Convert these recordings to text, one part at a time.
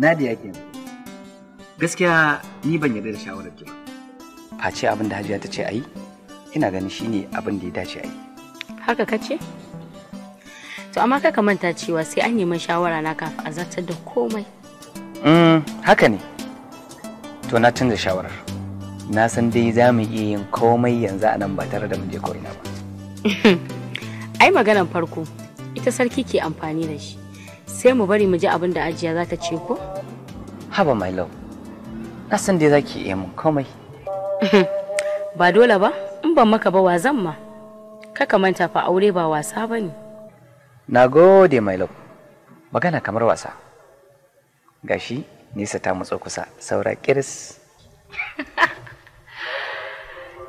Nadiya ke Gaskiya ni ban yarda da shawarar ki ba. Face abin da Hajiya ta ce a yi, ina ganin shine abin da ya dace a yi. Haka ka ce? To amma ka manta cewa sai an nemi shawara na kafin a zartar da komai. Mm, haka ne. To na canza shawarar. Na san dai za mu iya yin komai yanzu a nan ba tare da mun je ko ina ba. Ai maganar farko ita sarki ke amfani da shi. sai mu bari mu ji abin da ajiya za ta ce ko? Haba my love, na san dai za ki iya mun komai. ba dole ba, in ban maka ba wazan ma. Kaka manta fa aure ba wasa ba ne. Na gode my love, magana kamar wasa. Gashi nesa ta mutsa kusa, saura kiris.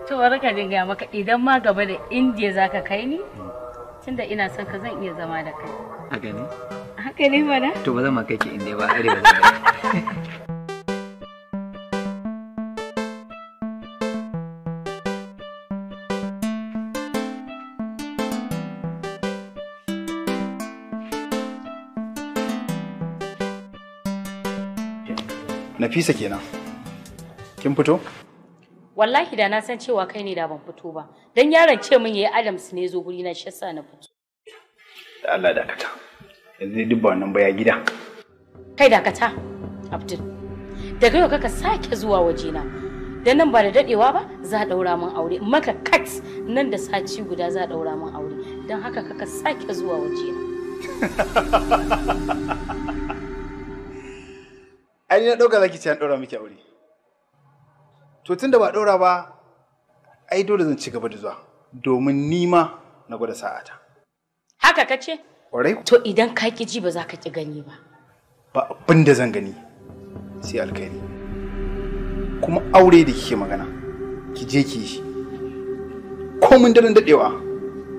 to ka dinga maka idan ma gaba da indiya zaka kai ni tunda ina son ka zan iya zama da kai a gani haka ne to ba zan ma kai inda ba arewa Nafisa kenan. Kin fito? Wallahi da na san cewa kai ne da ban fito ba. Dan yaron ce min yayi Adams ne zo guri na shi yasa na fito. Da Allah dakata. yanzu duk ba wannan baya gida kai dakata abdul daga yau kaka sake zuwa wajena da nan ba da dadewa ba za a daura min aure maka kat nan da sati guda za a daura min aure don haka kaka sake zuwa wajena ai na dauka zaki ce an daura miki aure to tunda ba daura ba ai dole zan ci gaba da zuwa domin nima na gwada sa'ata haka kace kwarai To idan ka ki ji ba za ka ki gani ba. Ba abin da zan gani sai alkhairi. Kuma aure da kike magana ki je ki shi. Komin daren dadewa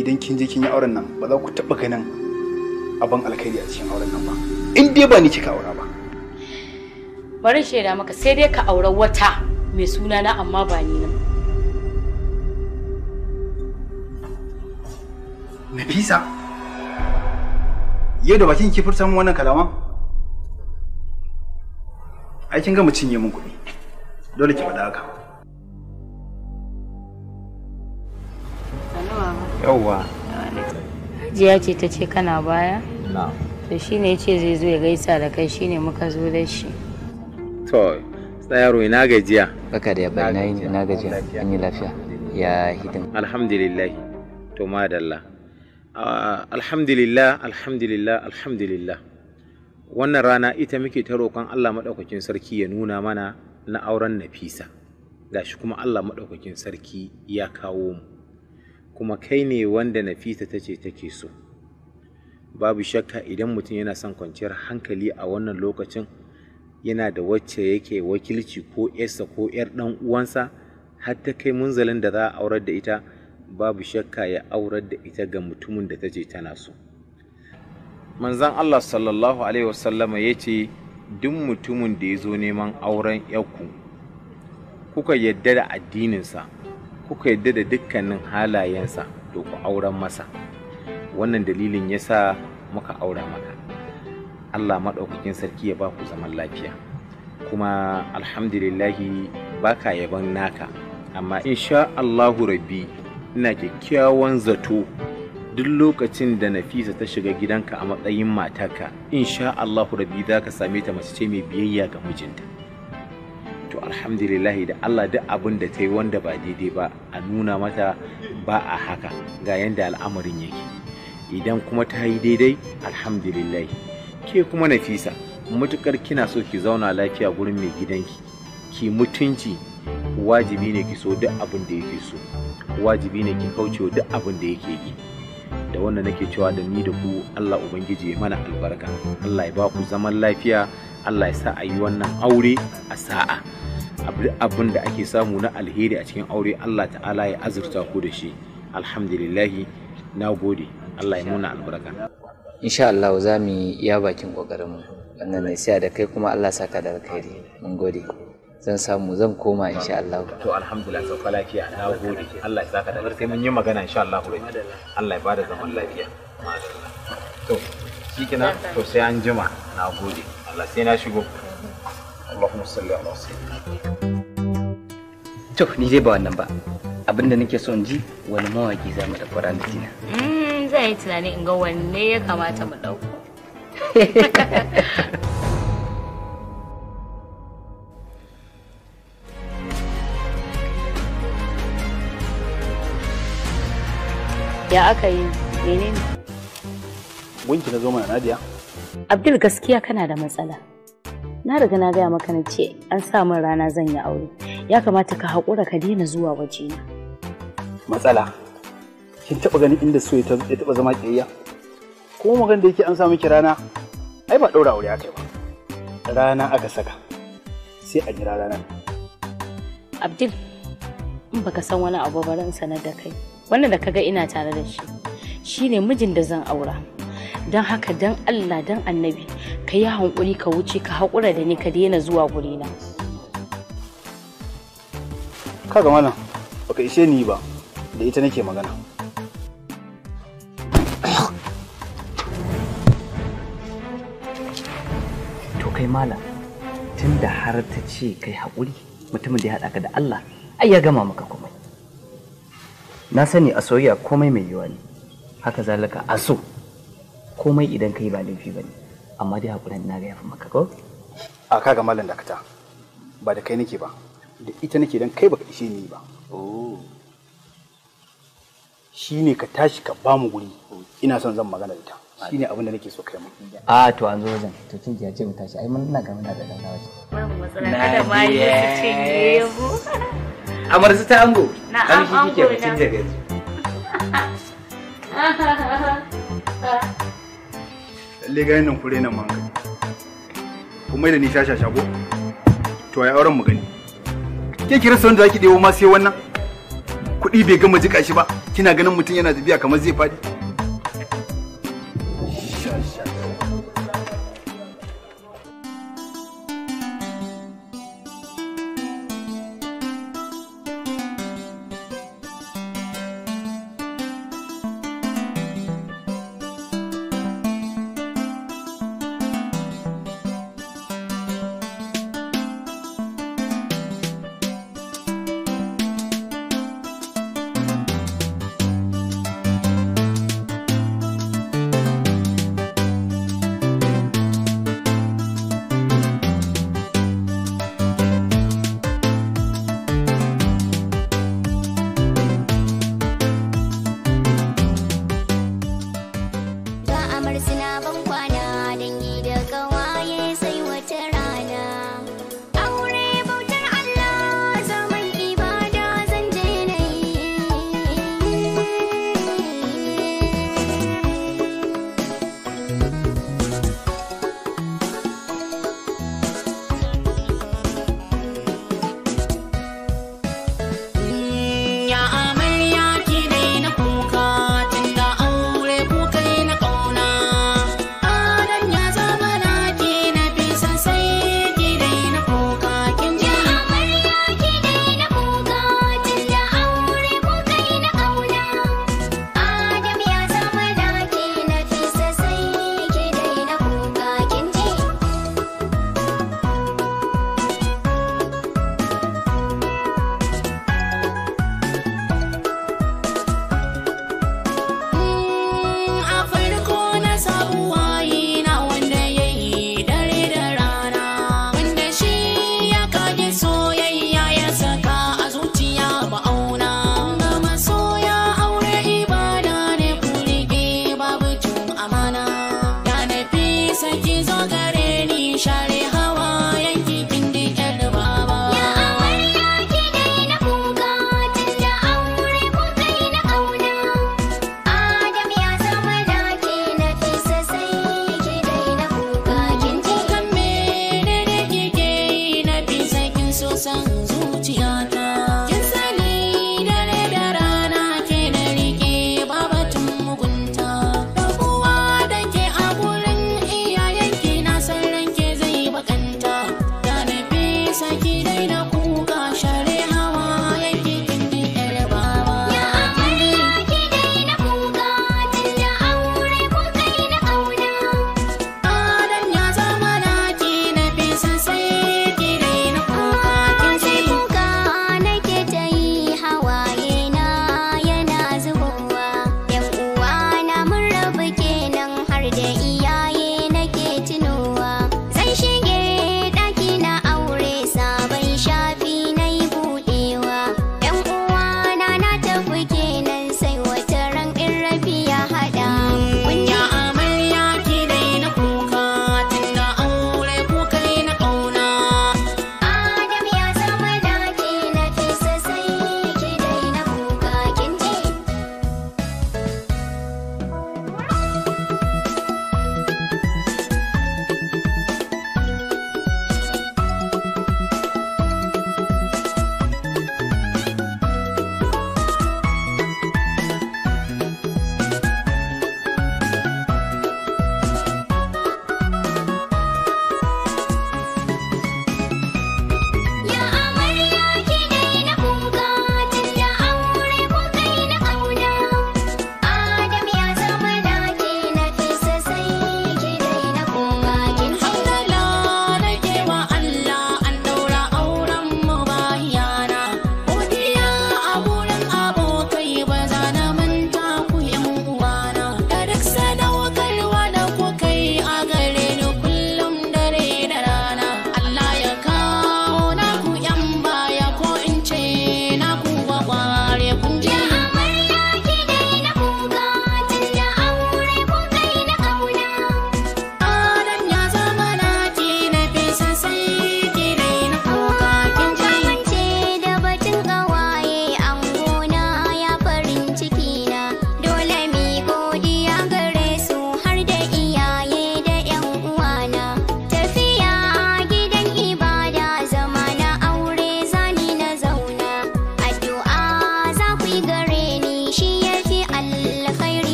idan kin je kin yi auren nan ba za ku taɓa ganin abin alkhairi a cikin auren nan ba. In dai ba ni kika aura ba. Bari shaida maka sai dai ka aura wata mai suna na amma ba ni nan. Nafisa. yau da bakin ki furta mun wannan kalaman ai kin ga mu cinye mun kuɗi dole ki faɗa haka yauwa hajiya ce ta ce kana baya to shine ya ce zai zo ya gaisa da kai shine muka zo da shi to tsayaro ina gajiya baka da yaba ina gajiya an yi lafiya ya hidin alhamdulillah to madalla Ah, alhamdulillah alhamdulillah alhamdulillah wannan rana ita muke ta roƙon Allah maɗaukakin sarki ya nuna mana na auren Nafisa gashi kuma Allah maɗaukakin sarki ya kawo mu kuma kai ne wanda Nafisa ta ce take so babu shakka idan mutum yana son kwanciyar hankali a wannan lokacin yana da wacce yake wakilci ko yarsa ko yar dan uwansa har ta kai munzalin da za a aurar da ita babu shakka ya aurar da ita ga mutumin da ta ce tana so manzan Allah sallallahu alaihi wasallama ya ce duk mutumin da ya zo neman auren ku kuka yadda da addininsa kuka yadda da dukkanin halayensa to ku auren masa wannan dalilin ya sa muka aura maka Allah maɗaukakin sarki ya ba ku zaman lafiya kuma alhamdulillahi baka yaban naka amma insha Allahu rabbi ina kyakkyawan zato duk lokacin da nafisa ta shiga gidanka a matsayin matarka insha allahu rabi za ka same ta mace ce mai biyayya ga mijinta to alhamdulillahi da allah duk abin da ta yi wanda ba daidai ba a nuna mata ba a haka ga yadda al'amarin yake idan kuma ta yi daidai alhamdulillahi ke kuma nafisa matukar kina so ki zauna lafiya gurin mai gidanki ki mutunci wajibi ne ki so duk abin da yake so wajibi ne ki wa duk abin da yake yi da wannan nake cewa da ni da ku Allah ubangiji ya mana albarka Allah ya ba ku zaman lafiya Allah ya sa a yi wannan aure a sa'a abin da ake samu na alheri a cikin aure Allah ta'ala ya azurta ku da shi alhamdulillahi na gode Allah ya muna albarka insha Allah za mu yi iya bakin kokarin mu wannan ne sai da kai kuma Allah saka da alkhairi mun gode zan samu zan koma insha Allah to alhamdulillah sauka lafiya na gode Allah ya saka da sai mun yi magana insha Allah Allah ya bada zaman lafiya to kina to sai an jima na gode Allah sai na shigo Allahumma salli ala sayyidina to ni dai ba wannan ba abinda nake son ji wani mawaki za mu tafi ranar dina hmm, zai yi tunani in ga wanne ya kamata mu dauko ya aka yi menene gunki na zo mana nadiya abdul gaskiya kana da matsala na riga na gaya maka na ce an sa min rana zan yi aure ya kamata ka haƙura ka daina zuwa wajena matsala kin taɓa ganin inda so ya taɓa zama ƙiyayya ko magan da yake an sa miki rana ai ba ɗaura aure aka yi ba rana aka saka sai a jira ranar abdul in baka san wani abu ba sanar da kai wannan da kaga ina tare da shi shine mijin da zan aura don haka don allah don annabi ka yi hankuri ka wuce ka haƙura da ni ka daina zuwa gurina kaga mana baka ishe ni ba da ita nake magana to kai malam tun da har ta ce kai haƙuri mutumin da ya haɗa ka da allah ai ya gama maka komai na sani a soyayya komai mai yiwa ne haka zalika a so komai idan kai ba laifi ba ne amma dai hakuran na ga yafi maka ko a kaga malam dakata ba da kai nake ba da ita nake dan kai baka ishe ni ba oh. shi ne ka tashi ka ba mu guri ina son zan magana da ita shi ne abin da nake so kai mu a to an zo wajen to kin ji ce mu tashi ai mun ina ga muna da dan waje babu matsala kada ma yi cikin cinye amar su ta ango kamshi kike mutum daga su lalle ga nan kure nan manka kuma da ni shasha shago to ya auren mu gani ke kira son da zaki dewo ma sai wannan kuɗi bai gama jika shi ba kina ganin mutum yana tafiya kamar zai faɗi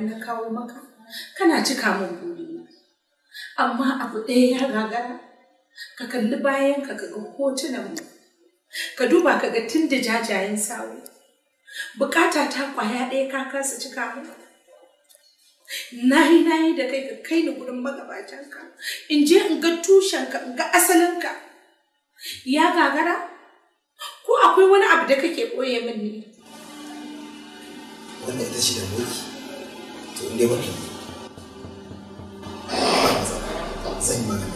na na kawo maka kana cika min burina amma abu ɗaya ya gagara ka kalli bayan ka ga hotunan mu ka duba ka ga tun da jajayen sawu bukata ta kwaya ɗaya ka kasa cika min na yi na yi da kai ka kai ni gurin ka in je in ga ka in ga ka ya gagara ko akwai wani abu da kake koye min ne wannan ita ce da mulki to inda wani zan yi magana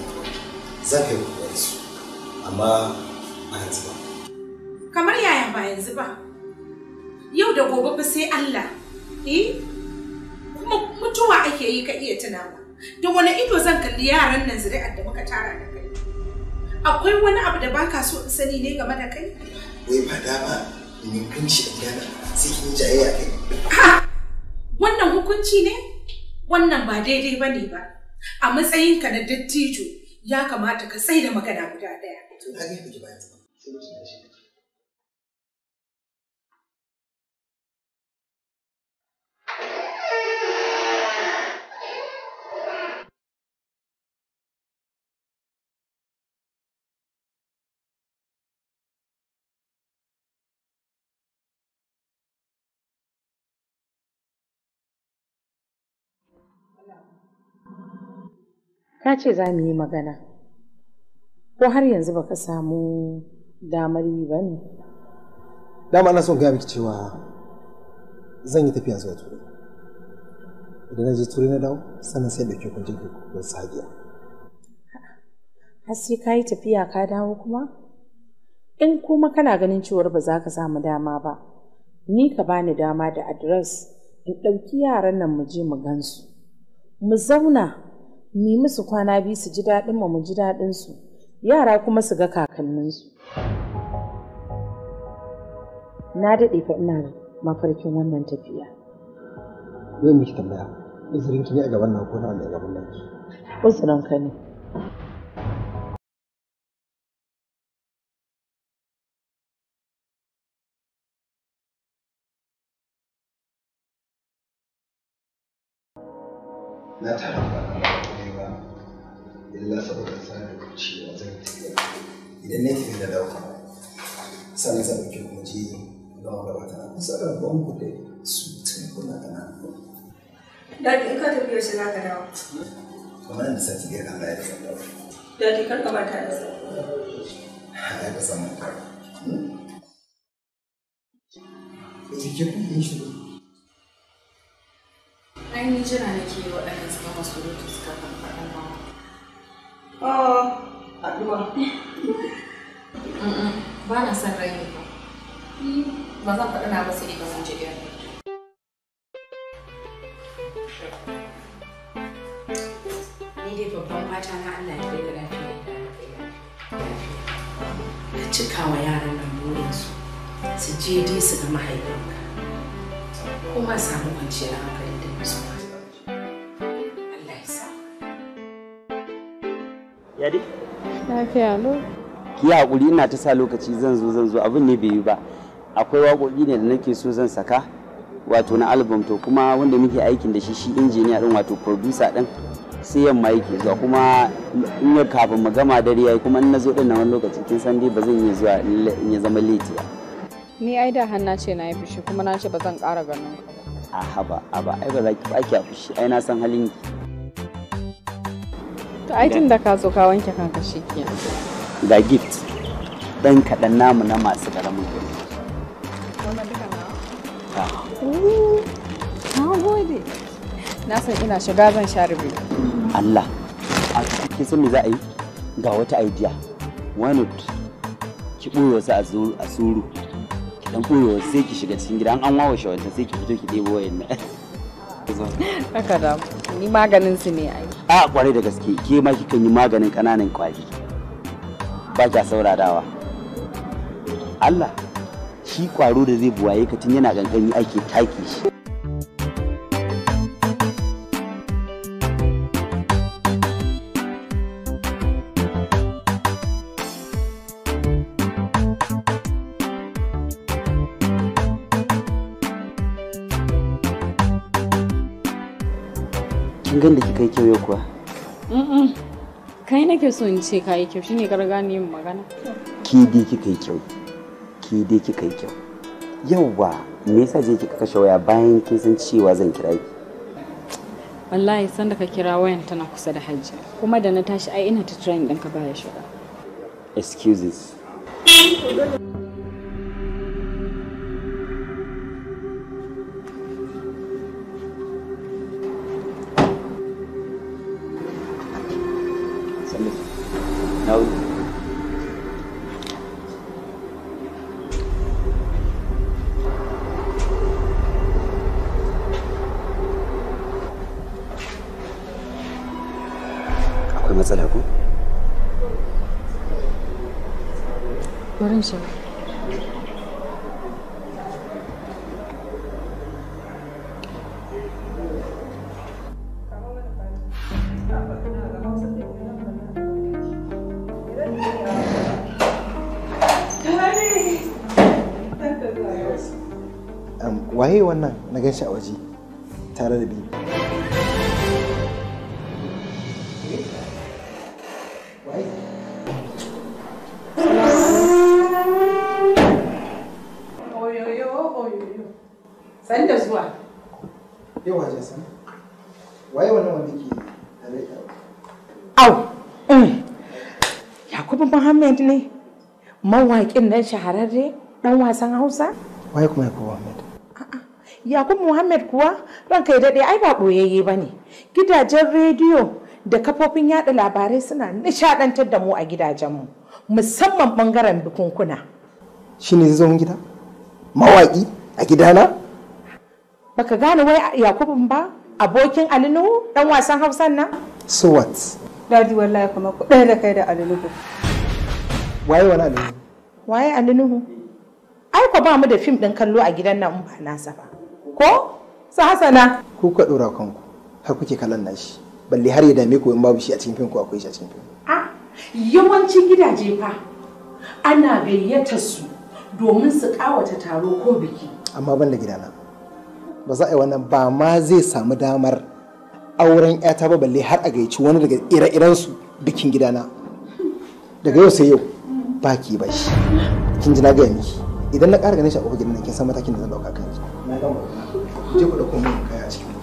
zan kai kokari su amma a yanzu ba kamar yaya ba yanzu ba yau da gobe ba sai Allah eh kuma mutuwa ake yi ka iya tunawa da wani ido zan kalli yaran nan zuri'ar da muka tara da kai akwai wani abu da baka so in sani ne game da kai wai ba dama in yi kunci a gidana sai kin jayayya kai wannan hukunci ne wannan ba daidai ba ne ba a matsayinka na dattijo ya kamata ka tsaye da magana guda ɗaya. Ka ce za mu yi magana, ko har yanzu baka samu damar yi ba ne? Dama na son gaya miki cewa zan yi tafiya zuwa turai. Idan na je turai na dawo, sannan sai ɗauki kwanci don sagiya. Har sai ka yi tafiya ka dawo kuma? In kuma kana ganin cewar ba za ka samu dama ba, ni ka bani dama da adres in ɗauki yaran nan mu je mu gansu. mu zauna mu musu kwana biyu su ji daɗin mu mu ji daɗin su yara kuma su ga kakanninsu na daɗe fa ina mafarkin wannan tafiya zai miki tambaya ki ne a gaban nan ko na gaban nan uzurin ka ne na taraba na ɗaya ba illa saboda cewa zan tafiya idan na tafi da dauka sannan zan ɗauki kuma je ga magabata na kusa da ban ku da su tun kuna kana Dadi in ka tafi yaushe za ka dawo? Kamar yadda sati ɗaya Allah ya da zan dawo. kar ka manta da sa. Ya ka samu kar. yi shiru. jira nake yi masu rutu ah, na ne ba. Ba zan na ba sai ba zan babban fata na Allah ya kai wa yaran nan burinsu su je dai su ga Kuma samu kwanciyar hankali da ya lafiya lo ki hakuri ina ta sa lokaci zan zo zan zo abin ne bai yi ba akwai waƙoƙi ne da nake so zan saka wato na album to kuma wanda muke aikin da shi shi injiniya din wato producer din sai yamma yake zuwa kuma in ya kafin mu gama dare yayi kuma in na zo din na wani lokaci kin san dai ba zan iya zuwa in ya zama late ba ni ai da hanna ce na yi fushi kuma na ce ba zan ƙara ganin ka ba a haba ba ai ba za ki ba ki fushi ai na san halin ki to ai tun da ka zo ka wanke kanka shi ke ga gift dan kaɗan namu na masu ƙaramin gari na gode na san ina shiga zan sha rubi Allah a cikin sun me za a yi ga wata idea wani ki ɓoye wasu a suru ki dan ɓoye wasu sai ki shiga cikin gida an wawa shawarta sai ki fito ki ɗebo wayan nan haka da ni maganin su ne ai a kwarai da gaske ke ma kikan yi maganin ƙananan kwari ba kya sauradawa Allah shi kwaro da zai buwaye ka tun yana kankani ake take shi kin gan da kika yi kyau yau kuwa kai nake so in ce ka yi kyau shine kar gane yin magana ki dai kika yi kyau ki dai kika yi kyau yauwa me yasa je kika kashe waya bayan kin san cewa zan kira ki wallahi sanda ka kira wayan tana kusa da hajji kuma da na tashi ai ina ta train ɗinka baya shiga excuses Um, waye wannan na gan shi a waje tare da biyu. san da zuwa yawa jasan waye wannan wanda ke tare da au eh. yakubu muhammad ne mawaƙin nan shahararre dan wasan hausa waye kuma yakubu muhammad yakubu muhammad kuwa ranka ya daɗe ai ba ɓoyayye ba ne gidajen rediyo da kafofin yada labarai suna nishadantar da mu a gidajenmu musamman ɓangaren bukunkuna shine zai zo gida Mawaƙi? a gidana baka gane wai yakubun ba abokin alinuhu dan wasan hausan nan so what dadi wallahi kuma ku da kai da alinuhu waye wani alinuhu waye alinuhu ai ko ba mu da fim din kallo a gidan nan ba nasa ba ko su hasana ku ka dora kanku har kuke kallon nashi balle har ya dame ku in babu shi a cikin fim ko akwai shi a cikin fim a yawancin gidaje fa ana gayyata su domin su kawata taro ko biki amma ban da gidana ba za a yi wannan ba ma zai samu damar auren yata ba balle har a gaici wani daga ire-irensu bikin gidana daga yau sai yau ba baki ba shi kin ji na ga miki idan na ƙara ganin shi a ƙofar gidan nan kin san matakin da zan ɗauka kan ki na gama je ku ɗauko mun kaya a cikin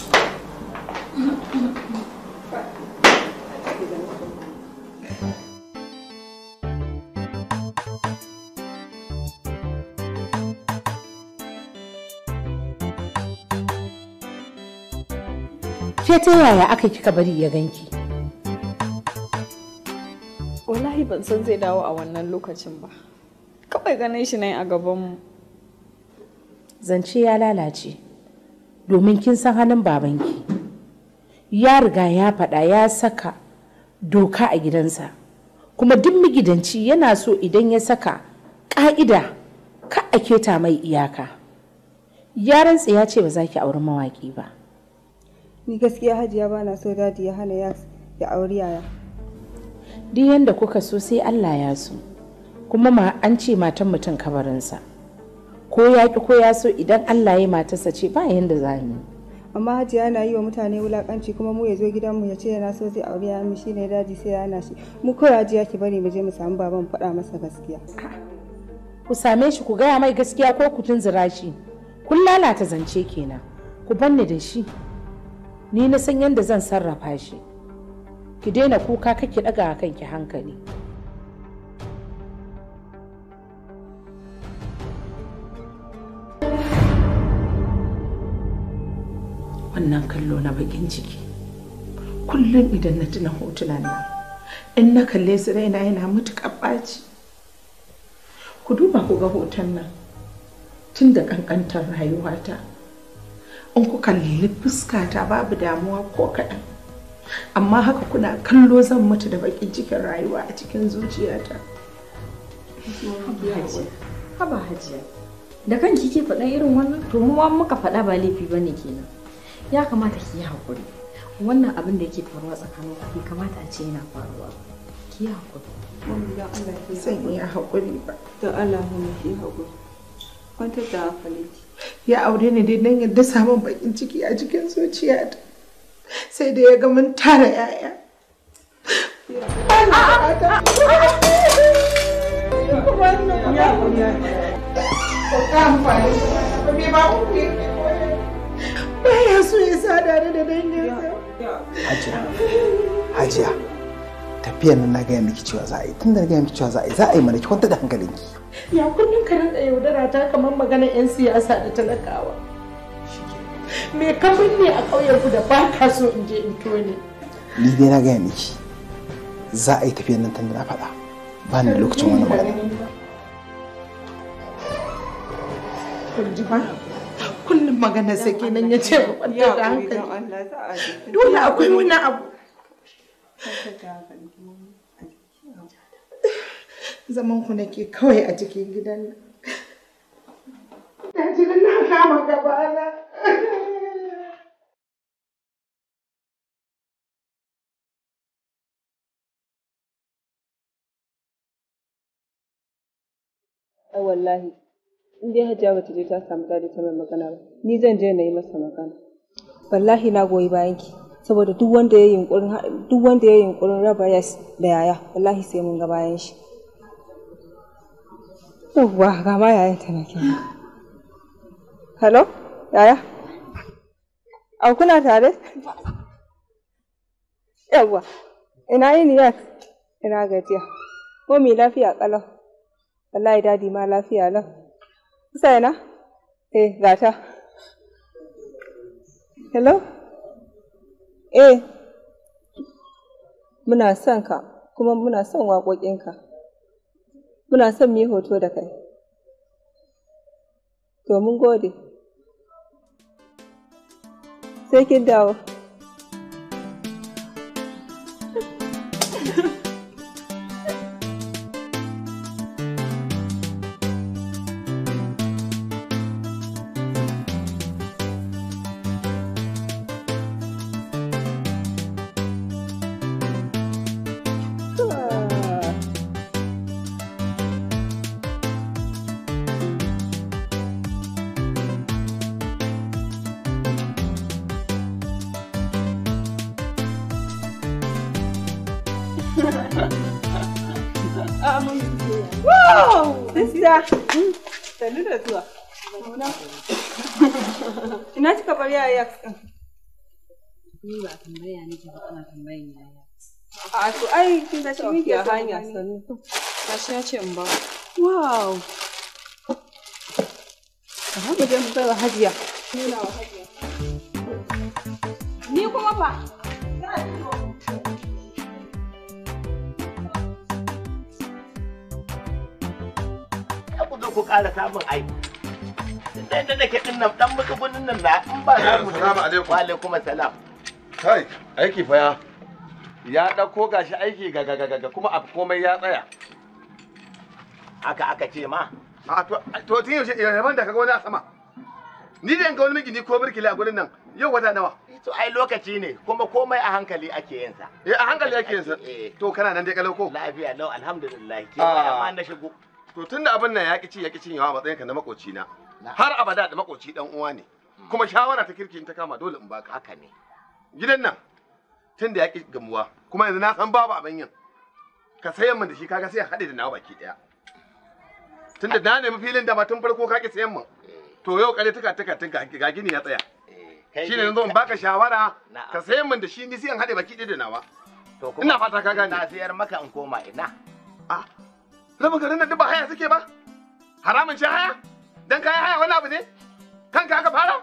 ke ta yaya aka kika bari ya ganki wallahi ban san zai dawo a wannan lokacin ba kawai ganin shi nan a gabanmu zance ya lalace domin kin san halin babanki ya riga ya faɗa ya saka doka a gidansa kuma duk magidanci yana so idan ya saka ƙa'ida ka a keta mai iyaka yaran ya ce ba za ki auri mawaƙi ba ni gaskiya hajiya ba na so daji ya hana ya ya auri yaya duk yanda kuka so sai Allah ya so kuma ma an ce matan mutum kabarinsa ko ya ki ko ya so idan Allah ya matarsa ce ba yanda za mu amma hajiya na yi wa mutane wulakanci kuma mu ya zo gidanmu ya ce yana so sai aure ya mu shine daji sai ya hana shi mu ko hajiya ki bari mu je mu samu baban faɗa masa gaskiya ku same shi ku gaya mai gaskiya ko ku tunzura shi kun lalata zance kenan ku banni da shi ni na san yadda zan sarrafa shi ki daina kuka kake daga kanki hankali wannan kallo na bakin ciki kullum idan na tuna hotunan nan in na kalle su raina yana matuƙar ɓaci ku duba ku ga hoton nan tun da ƙanƙantar rayuwata in kuka nemi fuskata babu damuwa ko kaɗan amma haka kuna kallo zan mutu da bakin cikin rayuwa a cikin zuciyata haba hajiya da kan kike faɗa irin wannan to mu muka faɗa ba laifi bane kenan ya kamata ki yi hakuri wannan abin da yake faruwa tsakanin ku kamata a ce yana faruwa ki yi hakuri Allah ya san ya hakuri ba to Allah mu ki hakuri kwantar da hankali ya aure ni dai don yadda samun bakin ciki a cikin zuciya ta sai da ya ga mun tara 'ya'ya Baya so ya sada da danginsa. Hajiya, hajiya. tafiyan nan na gaya miki cewa za a yi tun da na gaya miki cewa za a yi za a yi mana ki kwanta da hankalinki ya kullum ka rinka yaudara ta kamar maganar 'yan siyasa da talakawa me kamun ne a ƙauyen ku da ba ka so in je in tone ni dai na gaya miki za a yi tafiyan nan tun da na faɗa ba ni lokacin wani magana kullum maganar sa kenan ya ce ba kwanta da hankali dole akwai wani abu zaman ku nake kawai a cikin gidan nan na ji na kama gabana ai wallahi in dai hajiya bata je ta samu dadi ta mai magana ba ni zan je na yi masa magana wallahi na goyi bayanki saboda duk wanda ya yunkurin duk wanda ya yunkurin raba yas da yaya wallahi sai mun ga bayan shi yawwa ga ma yayan ta nake hello yaya a kuna tare yawwa ina yini yas ina gajiya ko mi lafiya kalau wallahi dadi ma lafiya lau kusa ina eh gata hello eh muna son ka kuma muna son waƙoƙinka muna son mu yi hoto da kai to mun gode sai kin dawo tambaya nake ba tambayin yaya. A to ai kin ga shi hanya sannu. ya ce ba. Wow. Aha mu je mu hajiya. Ni kuma fa. Ku zo ku ƙara samun aiki. da nake din nan dan nan na in ba za mu salamu alaikum wa alaikum salam. kai aiki fa ya ya dauko gashi aiki ga ga ga kuma a komai ya tsaya aka aka ce ma a to tun yaushe yaban da kaga wani a sama ni da ga wani miki ni ko birkila a gurin nan yau wata nawa to ai lokaci ne kuma komai a hankali ake yin sa eh a hankali ake yin sa eh, eh. to kana nan dai kalau ko lafiya lau alhamdulillah ke amma ah. na shigo to tunda abin nan ya kici ya kici yawa matsayin ka na makoci na har abada da makoci dan uwa ne kuma shawara ta kirki ta kama dole in baka haka ne gidan nan tun da ya ƙi gamuwa kuma yanzu na san babu abin yin ka sayan min da shi kaga sai ya haɗe da nawa baki ɗaya tun da na nemi filin da ba tun farko ka ƙi sayan min to yau kare tuka tuka tun ga gini ya tsaya eh, shine yanzu in baka shawara ka sayan min da shi ni sai in haɗe baki ɗaya da nawa ina fata ka gane na sayar maka in koma ina a ah, raba garin nan ba haya suke ba haramun ce haya dan kayan haya wani abu ne kanka aka fara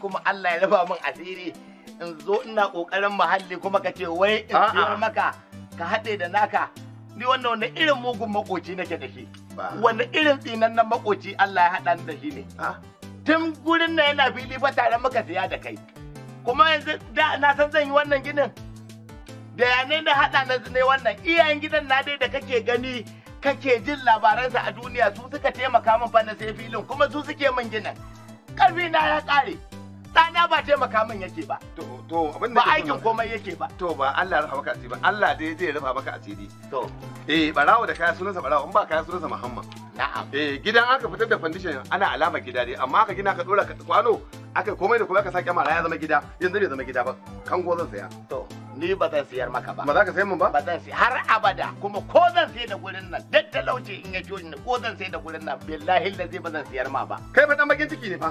kuma Allah ya raba min asiri in zo ina kokarin muhalli kuma ka ce wai in siyar maka ka haɗe da naka ni wannan wani irin mugun makoci nake da shi wani irin tsinannen makoci Allah ya haɗa da shi ne tun gurin na yana fili ba tare maka siya da kai kuma yanzu da na san zan yi wannan ginin da ya ne na haɗa na ne wannan iyayen gidan na dai da kake gani kake jin labaransa a duniya su suka taimaka min fa sai filin kuma su suke min ginin ƙarfi na ya ƙare ɗana ba taimaka min yake ba to to abin da ba aikin komai yake ba to ba Allah ya rufa maka asiri ba Allah dai zai rufa maka asiri to eh barawo da kaya sunansa barawo in ba kaya sunansa Muhammad na'am eh gidan aka fitar da foundation ana alama gida dai amma aka gina ka dora ka kwano aka komai da komai aka sake mara ya zama gida yanzu bai zama gida ba kango zan saya to ni ba zan siyar maka ba ba za ka sayar mun ba ba zan siyar har abada kuma ko zan sayar da gurin nan duk talauci in ya jo ni ko zan sayar da gurin nan billahi da zai ba zan siyar ma ba kai fa dan bakin ciki ne fa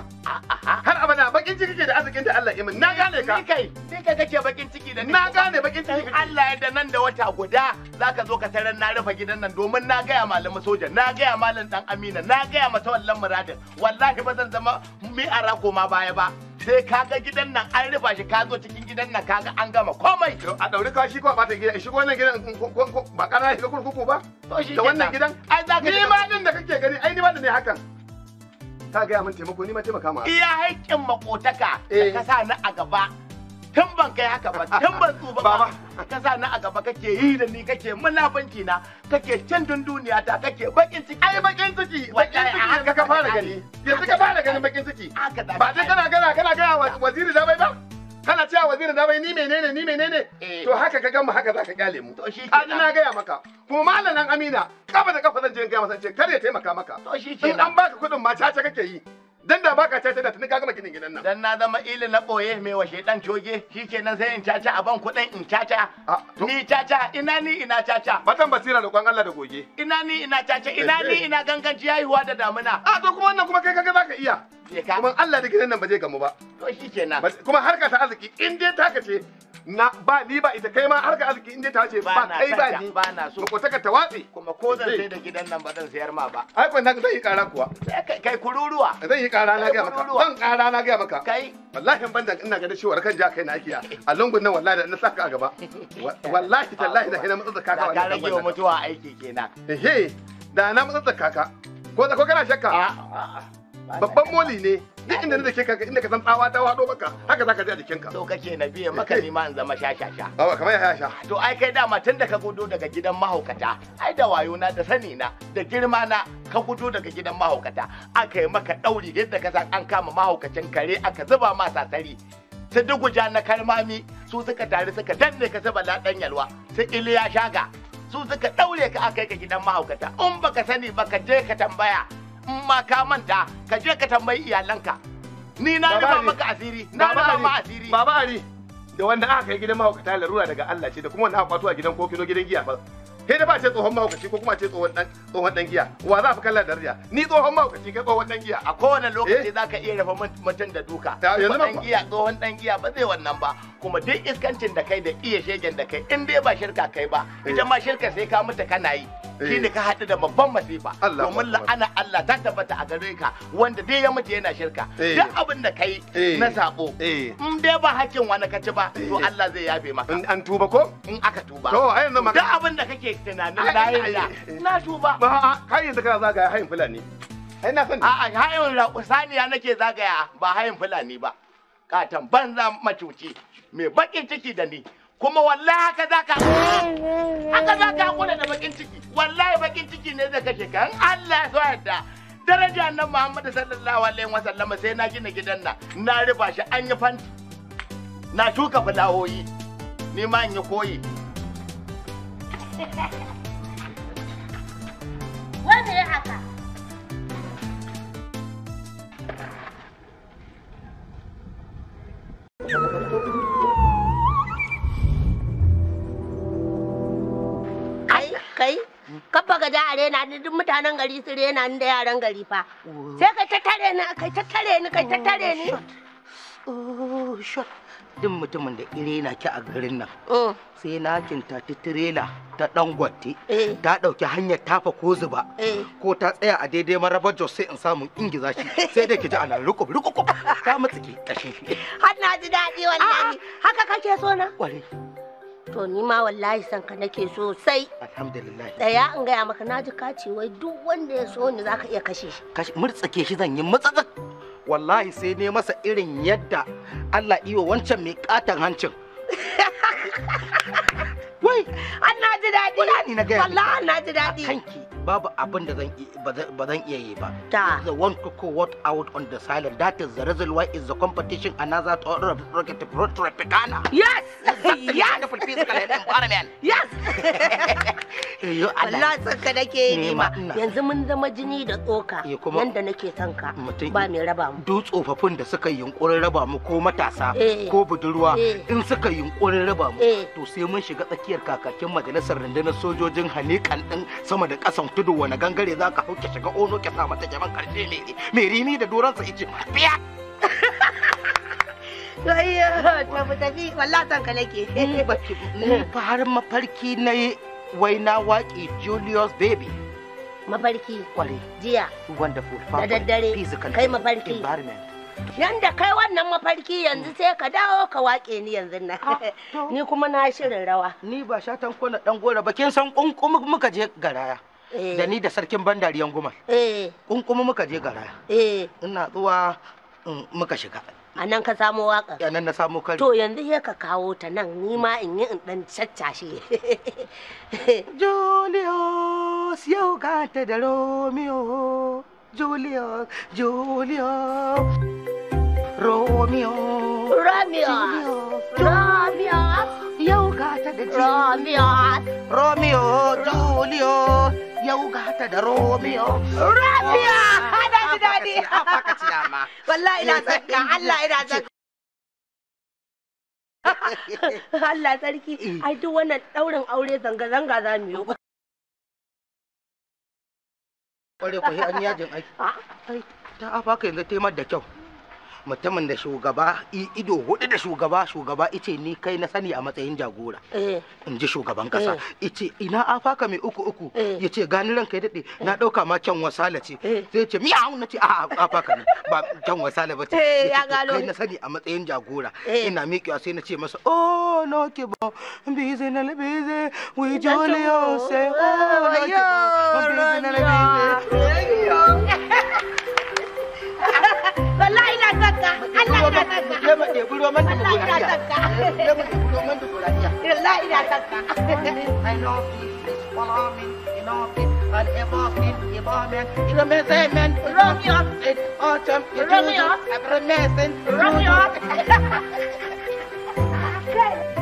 har abada bakin ciki kake da arzikin da Allah imin na gane ka ni kai ni kai kake bakin ciki da ni na gane bakin ciki Allah ya da nan da wata guda zaka zo ka tarar na rufe gidan nan domin na gaya malamin soja na gaya malam dan Amina na gaya mata wallan muradin wallahi ba zan zama mi arako ma baya ba sai kaga gidan nan an rufa shi ka zo cikin gidan nan kaga an gama komai a dauri kashi ko ba ta gida shi wannan gidan ba kana shiga kurkuku ba to shi da wannan gidan ai za ka ni ma din da kake gani ai ni ma da ne hakan ka ga ya mun taimako ni ma taimaka ma iya haƙƙin makotaka eh. da ka sa ni a gaba tun ban kai haka ba tun ban tsufa ba ka sa na a gaba kake yi da ni kake munafanci na kake cin duniya ta kake bakin ciki ai bakin ciki bakin ciki haka ka fara gani yanzu ka fara ganin bakin ciki ba dai kana kana kana ga waziri da bai ba kana cewa waziri da bai ni menene ni menene eh. to haka ka gama haka zaka kyale mu to shi kenan na gaya maka kuma malamin Amina kafa da kafa zan je gaya masa ce kar ya taimaka maka to shi kenan an baka kudin ma caca kake yi dan da baka caca da tuni ka gama ginin gidan nan dan na zama ili na boye mai washe dan coge shikenan sai in caca a ban kuɗin in caca ni caca ina ni ina caca batan basira da kwan Allah da goge ina ni ina caca ina ni eh, eh. ina ganganci haihuwa da damuna a to kuma wannan kuma kai kaga zaka iya kuma Allah da gidan nan ba zai gamu ba to shikenan kuma harka ta arziki in dai taka ce na ba ni ba ita kai ma har ga arziki inda ta ce ba kai ba ni ba na so ko taka tawatsi kuma ko zan eh. sai da gidan nan ba zan sayar ma ba ai ko zan yi kara kuwa eh, kai kururuwa zan yi kara na ga maka zan kara na ga maka kai wallahi ban da ina ganin ciwar kan ja kai na akiya a lungun nan wallahi da na saka a gaba wallahi tallahi da hina mutsatsa kaka wannan ka rage mutuwa aiki kenan ehe da na mutsatsa kaka ko da ko kana shakka ah, ah, ah. babban moli ne duk inda da ke kanka inda ka san tsawa ta wado maka haka zaka ji a jikinka so kake na biye maka ni ma in zama sha awa kamar ya sha to ai kai dama tun da ka gudo daga gidan mahaukata ai da wayo na da sani na da girma na ka gudo daga gidan mahaukata aka yi maka dauri yadda ka san an kama mahaukacin kare aka zuba ma sasari Sai duk duguja na karmami su suka tare suka danne ka saba ladan yalwa su iliya shaga su suka daure ka aka yi gidan mahaukata in baka sani baka je ka tambaya in ma ka manta ka je ka tambayi iyalanka ni na baba ari da wanda aka kai gidan mahaukata larura daga Allah ce da kuma wanda aka kwato a gidan kokino gidan giya ba kai da ba ce tsohon mahaukaci ko kuma ce tsohon dan tsohon dan giya wa za fi kallon darija ni tsohon mahaukaci kai tsohon dan giya a kowane lokaci eh? za ka iya rafa mutum da duka yanzu dan giya tsohon dan giya ba zai wannan ba kuma duk iskancin da kai da iya shegen da kai in dai ba shirka kai ba eh. ita ma shirka sai ka mutu kana yi eh. shine ka haɗu da babban masifa domin la'ana Allah ta tabbata a gare ka wanda dai ya mutu yana shirka duk abin da kai na sabo in dai ba hakkin wani ka ci ba to Allah zai yafe maka an tuba ko in aka tuba to a yanzu duk abin da kake nake tunanin na da na shuba. Har yanzu kana zagaya hayin Fulani. Ai na sani. A'a hayin saniya nake zagaya ba hayin Fulani ba. Katan banza macuci mai bakin ciki da ni. Kuma wallahi haka za ka haka za ka da bakin ciki. Wallahi bakin ciki ne zai kashe kan Allah ya so yadda. Daraja nan Muhammadu sallallahu alaihi wasallama sai na gina gidan nan. Na rufa shi an yi fanti. Na tuka fulawoyi. Ni ma in yi koyi. Wai me haka? kai kafa ga da arena ni duk mutanen gari su rena ni da yaran gari fa sai kai tattare ni kai tattare ni kai tattare ni oh shot oh, duk mutumin da ire na ki a garin nan oh. sai na kinta ta tirela ta dan gwatti eh. ta dauki hanyar tafa ko zuba eh. ko ta tsaya a daidai marabar jos sai in samu ingiza shi sai da ki ji ana rukub rukub ta mutsike kashi har na ji daɗi wallahi haka kake so na kwarai To ni ma wallahi san ka nake sosai. Alhamdulillah. Daya in ya maka naji kace wai duk wanda ya so ni zaka iya kashe shi. Kashi murtsake shi zan yi matsatsak. wallahi sai ne masa irin yadda Allah iyo wancan mai katan hancin wai an na ji daɗi wallahi na ji daɗi kanki babu abin da ba zan iya yi ba. The one go what out on the silent. That is the reason why is the competition another to rocket propaganda. Yes. Yes. Wonderful physical environment. Yes. Yo Allah san ka nake yi ma. Yanzu mun zama jini da tsoka. Yanda nake son ka. Ba mai raba mu. Duk tsofaffin da suka yunkurin raba mu ko matasa eh. ko budurwa eh. in suka yunkurin raba mu eh. to sai mun shiga tsakiyar kakakin majalisar rundunar sojojin hanikan din sama da kasan tudu wani gangare za ka hauke shiga ono ke sa mata jaman karfe ne mere rini da doransa ice biya Ayya, tafi tafi, wallatan ka nake. Ba har mafarki na wai na waƙi Julius Baby. Mafarki. Kwari. Jiya. Wonderful. Da daddare. Physical. Kai mafarki. Environment. Yanda kai wannan mafarki yanzu mm. sai ka dawo ka wake ni yanzu na. Ah, ni kuma na shirin rawa. Ni ba shatan kona dan gora ba kin san kunkumu muka je garaya. Eh. da ni da sarkin bandariyan guma eh. in kuma muka je gara eh. ina zuwa mm, muka shiga a nan ka samo waka a nan na samo kari to yanzu ya ka kawo ta nan ni ma in yi in dan caccashe Julius yau ka ta da Romeo Julius Julius Romeo Romeo Romeo yau ka ta da Romeo Romeo Julius yau ga ta da Romeo. Rafiya! Hada ji daɗi! Wallahi ina tsaka, Allah ina tsaka. Allah sarki, ai duk wannan ɗaurin aure zanga-zanga za mu yi. Kware ku an yajin aiki. Ah, ta afa ka yanzu taimar da kyau. mutumin da shugaba ido hudu da shugaba shugaba ice ni kai na sani a matsayin jagora in ji shugaban kasa ice ina faka mai uku uku ya ce gani ranka ya daɗe na ɗauka ma can wasala ce sai ce miya na ce a faka ne ba can wasala ba ce kai na sani a matsayin jagora ina miƙewa sai na ce masa oh no ke ba bize na bize we jolly oh say oh no ke ba bize na bize ya mu ɗebi roman demokuraɗiyya ya i know please follow me you know please and know man romeo romeo i'm romeo romeo